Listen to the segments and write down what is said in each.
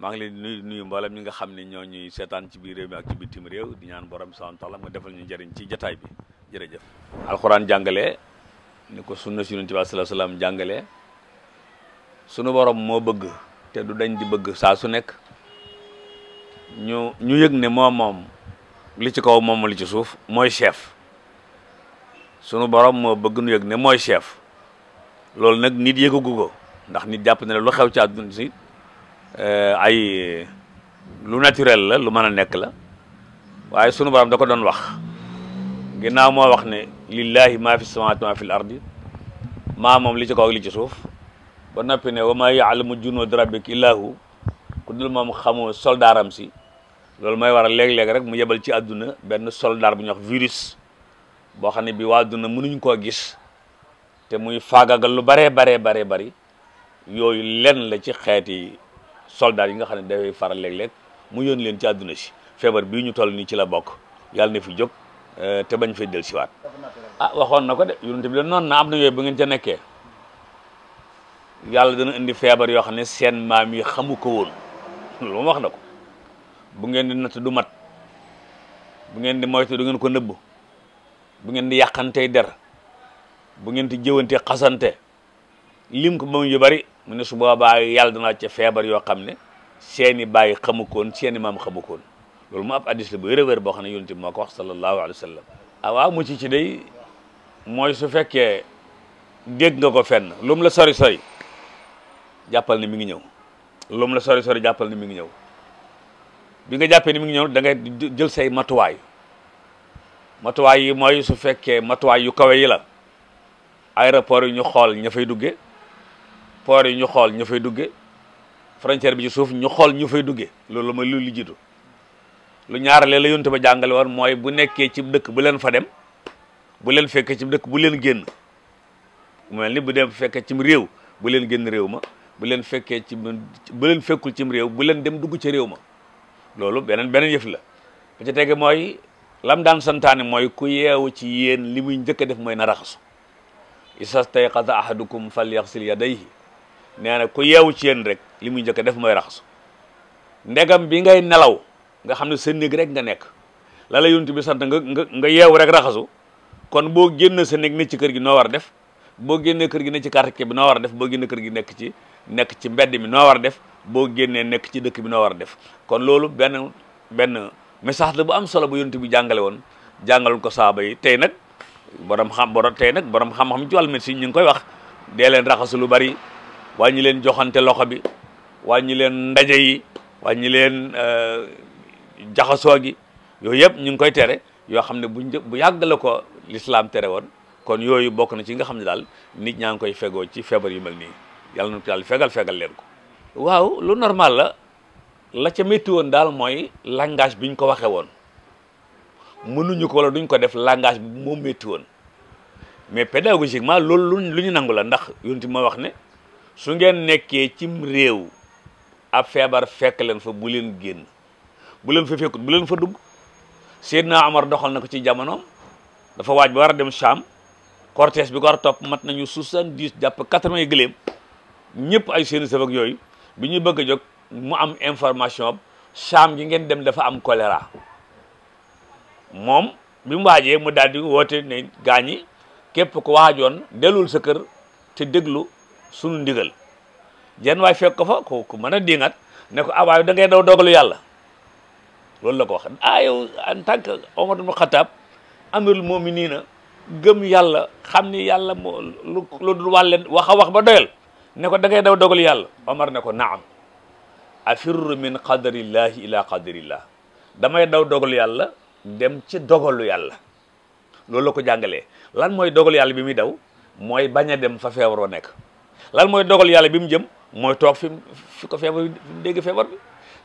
maa ngi leen di nuyu nuyu mboolem nga xam ne ñoo ñuy seetaan ci biir réew mi ak ci bitim di ñaan borom subhaanahu wa taala nga defal ñu njëriñ ci jataay bi jërëjëf. alxuraan jàngale ni ko sunna si yonent bi sallallaahu alayhi wa sallam jàngale sunu borom moo bëgg te du dañ di bëgg saa su nekk ñu ñu yëg ne moom moom li ci kaw moom li ci suuf mooy chef sunu borom moo bëgg nu yëg ne mooy chef loolu nag nit yëgagu ko ndax nit jàpp na ne lu xew ci àdduna si. Euh, ay lu naturel la lu mën a nekk la waaye sunu borom da ko doon wax ginnaaw moo wax ne lillahi ma fi samawati ma fi ardi maa moom li ci kaw li ci suuf ba noppi ne wa ma yaalamu junuud rabbika illaa hu ku dul moom xamu soldaaram si loolu mooy wara léeg-léeg rek mu yebal ci àdduna benn soldaar bu ñuy wax virus boo xam ne bi waa àdduna mënuñ koo gis te muy faagagal lu baree baree baree bari yooyu lenn la ci xeeti soldaar yi nga xam ne dafay faral léeg-léeg mu yoon leen ci àdduna si feebar bii ñu toll nii ci la bokk yàlla na fi jóg euh, te bañ fay del siwaat ah waxoon na ko de yonent bi la noonu na am na yooyu ba ngeen ca nekkee yàlla dana indi feebar yoo xam ne seen maam yi xamu ko woon loolu moom wax na ko bu ngeen di natt du mat bu ngeen di moytu du ngeen ko nëbb bu ngeen di yàqantey der bu ngeen di jëwante xasante lim ko ba mu yu bari mu ne su boobaa yàlla dana wàcce feebar yoo xam ne seeni bàyyi xamukoon seeni maam xamukoon loolu mu ab addis la bu wér-wér boo xam ne yonent bi moo ko wax sallallahu alayhi wa sallam ah waaw mu ci ci day mooy su fekkee dégg nga ko fen lu mu la sori sori jàppal ne mi ngi ñëw lu mu la sori sori jàppal ne mi ngi ñëw bi nga jàppee ni mi ngi ñëw da jël say matuwaay matuwaay yi mooy su fekkee matuwaay yu kawe yi la aéroport yi ñu xool ña fay duggee port yi ñu xool ñu fay dugge frontière bi ci suuf ñu xool ñu fay dugge loolu mooy lu li jiitu lu ñaarale la yonte ba jàngale woon mooy bu nekkee ci dëkk bu leen fa dem bu leen fekkee ci dëkk bu leen génn mel ni bu dem fekkee cim réew bu leen génn réew ma bu leen fekkee ci fekkul cim réew bu leen dem dugg ce réew ma loolu beneen beneen yëf la ba ca tege mooy lam daan santaane mooy ku yeewu ci yéen li muy njëkk a def mooy na raxasu isa stayqaza ahadukum falyaghsil yadayhi nee nag ko yeewu ci yenn rek li muy njëkk def mooy raxasu ndegam bi ngay nelaw nga xam ne sa néeg rek nga nekk la la yonent bi sant nga nga nga yeewu rek raxasu kon boo génn sa néeg ne ci kër gi noo war def boo génnee kër gi ne ci quartier bi noo war def boo génne gi nekk ci nekk ci mbedd mi noo war def boo génnee nekk ci dëkk bi noo war def kon loolu benn benn message la bu am solo bu yonent bi jàngale woon jàngalul ko saaba yi tey nag borom xam borom tey nag borom xam-xam ci wàllu médecine ñu ngi koy wax dee raxasu lu bari wàññi leen joxante loxo bi wàññi leen ndaje yi wàññi leen euh, jaxasoo gi yooyu yëpp ñu ngi koy tere yoo xam ne bu një bu yàgg ko lislaam tere woon kon yooyu bokk na ci nga xam ne daal nit ñaa ngi koy fegoo ci feebar yu mel nii yàlla na yàlla fegal fegal leen ko. waaw lu normal la la ca woon daal mooy langage bi ñu ko waxee woon mënuñu ko wala duñ ko def langage bi moo métti woon mais pédagogiquement loolu lu ñu nangu la ndax yonent ma wax ne. su ngeen nekkee cim réew ab feebar fekk leen fa buleen leen génn bu leen fa fekkut bu leen fa dugg Seydina Omar doxal na ko ci jamonoom dafa waaj ba war a dem Cham cortège bi ko war a topp mat nañu soixante-dix jàpp quatre-vingts gëléem ñëpp ay seeni sëf yooyu bi ñuy bëgg a jóg mu am information Cham gi ngeen dem dafa am choléra moom bi mu waajee mu daal di woote ne gaañi képp ko waajoon dellul sa kër te déglu sunu ndigal jenn waay fekk ko fa ku ku mën a diŋat ne ko awaayu ah, da ngay daw dogalu yàlla loolu la ko wax ah yow en tant que Omar ibn Khattab amirul gëm yàlla xam ni yàlla moo lu lu dul wàlle wax a wax ba doyal ne ko da daw dogalu yàlla Omar ne ko naam afirru min qadarillahi ila qadarillah damay daw dogalu yàlla dem ci dogalu yàlla loolu la ko jàngalee lan mooy dogalu yàlla bi muy daw mooy bañ a dem fa feebaroo nekk lan mooy dogal yàlla bi mu jëm mooy toog fi fi ko feebar bi fi mu dégg feebar bi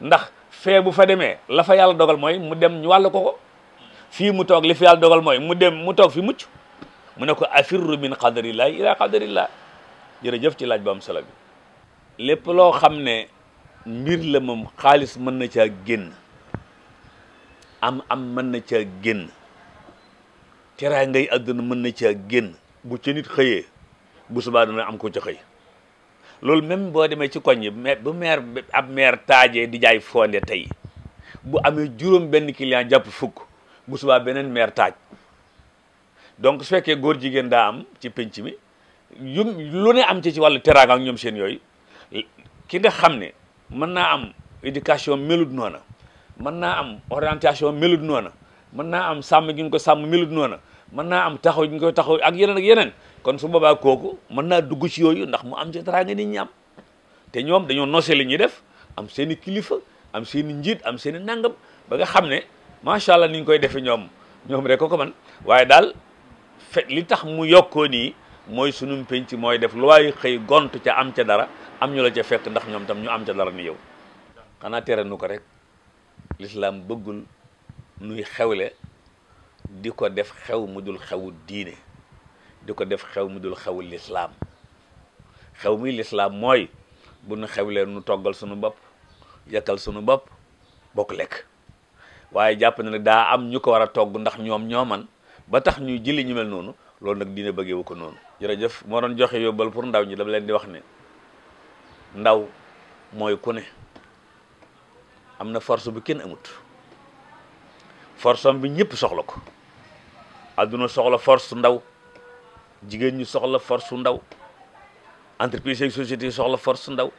ndax fee bu fa demee la fa yàlla dogal mooy mu dem ñu wàll ko ko mu toog li fi yàlla dogal mooy mu dem mu toog fi mucc mu ne ko afirru min qadarillah ila qadarillah jërëjëf ci laaj bu am solo bi lépp loo xam ne mbir la moom xaalis mën na caa génn am am mën na caa génn teraay ngay àdduna mën na caa génn bu ca nit xëyee bu subaa dana am ko ca loolu même boo demee ci koñ yi mais bu maire ab maire taajee di jaay foonde tey bu amee juróom benn client jàpp fukk bu subaa beneen maire taaj donc su fekkee góor jigéen daa am ci penc mi yu lu am ci ci wàllu teraanga ak ñoom seen yooyu ki nga xam ne mën naa am éducation melut noona mën naa am orientation melut noona mën naa am sàmm gi ñu ko sàmm melut noona mën naa am taxaw gi ñu ko taxaw ak yeneen ak yeneen kon su boobaa kooku mën naa dugg ci yooyu ndax mu am ci teraanga nit ñi am te ñoom dañoo nose li ñuy def am seeni kilifa am seen njiit am seeni nangam ba nga xam ne macha allah ni ñu koy defee ñoom ñoom rek ko ko man waaye daal fe li tax mu yokkoo nii mooy sunu penc mooy def lu waay xëy gont ca am ca dara am ñu la ca fekk ndax ñoom tam ñu am ca dara ni yow xanaa tere nu ko rek lislaam bëggul nuy xewle di ko def xew mu dul xewu diine di ko def xew mu dul xew lislaam xew muy lislaam mooy bu nu leen nu toggal sunu bopp yakkal sunu bopp bokk lekk waaye jàpp na ne daa am ñu ko war a togg ndax ñoom ñooman ba tax ñuy jëli ñu mel noonu loolu nag dina bëggeewu ko noonu jërëjëf moo doon joxe yóbbal pour ndaw ñi dama leen di wax ne ndaw mooy ku ne am na force bu kenn amut force am bi ñëpp soxla ko àdduna soxla force ndaw jigéen ñu soxla force su ndaw entreprise ak société soxla force su ndaw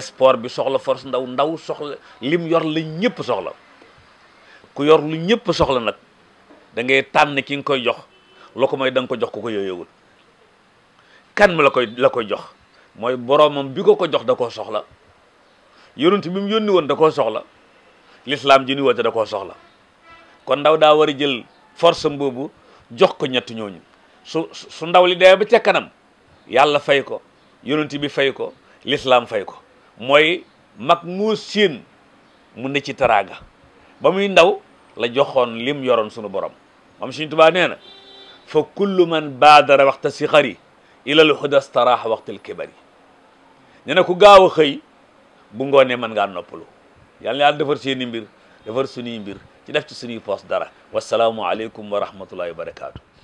sport bi soxla force ndaw ndaw soxla lim yor la ñëpp soxla ku yor lu ñëpp soxla nag da ngay tànn ki nga koy jox loo ko mooy da nga ko jox ku ko yooyewul kan mi la koy la koy jox mooy boroomam bi ko ko jox da koo soxla yonent bi mim yónni woon da ko soxla lislaam ji ni woote da koo soxla kon ndaw daa war a jël force am boobu jox ko ñetti ñooñu su su ndaw li dee ba ca kanam yàlla fay ko yonent bi fay ko lislaam fay ko mooy mag mu siin mu ne ci taraanga ba muy ndaw la joxoon lim yoroon sunu borom moom Sëriñ Tuubaa nee na fa kullu man baadara waxta sixari ilal huda staraaha waxtal kibari ñu ne ku gaaw a xëy bu ngoonee mën ngaa noppalu yàlla na yàlla defar seeni mbir defar suñuy mbir ci def ci suñuy poos dara wasalaamu aleykum wa rahmatullahi wa barakaatu.